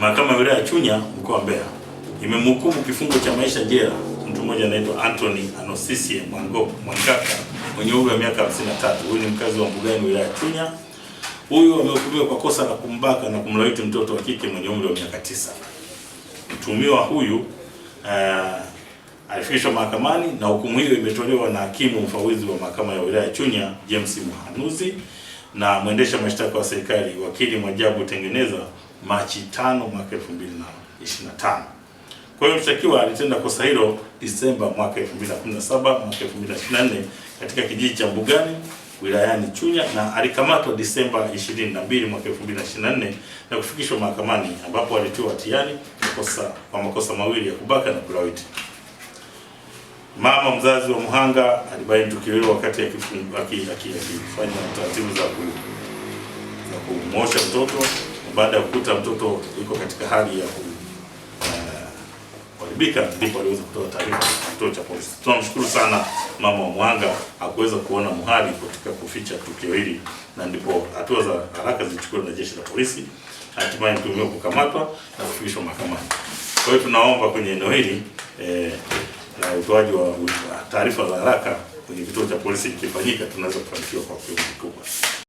Mahakama ya Wilaya ya Chunya mkoa wa Mbeya imemhukumu kifungo cha maisha jela mtu mmoja anaitwa Anthony Anosisie Mwango Mwangaka mwenye umri wa miaka 53. Huyu ni mkazi wa Mbugani wilaya ya Chunya. Huyu amehukumiwa kwa kosa la kumbaka na kumlawiti mtoto wa kike mwenye umri wa miaka tisa. Mtumiwa huyu uh, alifikishwa mahakamani na hukumu hiyo imetolewa na hakimu mfawizi wa mahakama ya wilaya ya Chunya James Mhanuzi na mwendesha mashtaka wa serikali wakili Mwajabu Tengeneza Machi 5 mwaka 2025. Kwa hiyo mshtakiwa alitenda kosa hilo Disemba mwaka 2017 mwaka 2024 katika kijiji cha Mbugani wilayani Chunya na alikamatwa Disemba 22 mwaka 2024 na kufikishwa mahakamani ambapo alitiwa hatiani kosa kwa makosa mawili ya kubaka na kulawiti. Mama mzazi wa mhanga alibaini tukio hilo wakati akifanya taratibu za kumwosha mtoto baada ya kukuta mtoto yuko katika hali ya eh, kuharibika, uh, ndipo aliweza kutoa taarifa kwa kituo cha polisi. Tunamshukuru sana mama wa Mwanga, hakuweza kuona muhali katika kuficha tukio hili, na ndipo hatua za haraka zilichukuliwa na jeshi la polisi, hatimaye mtuhumiwa kukamatwa na kufikishwa mahakamani. Kwa hiyo tunaomba kwenye eneo hili eh, na utoaji wa taarifa za haraka kwenye kituo cha polisi ikifanyika, tunaweza kufanikiwa kwa kiwango kikubwa.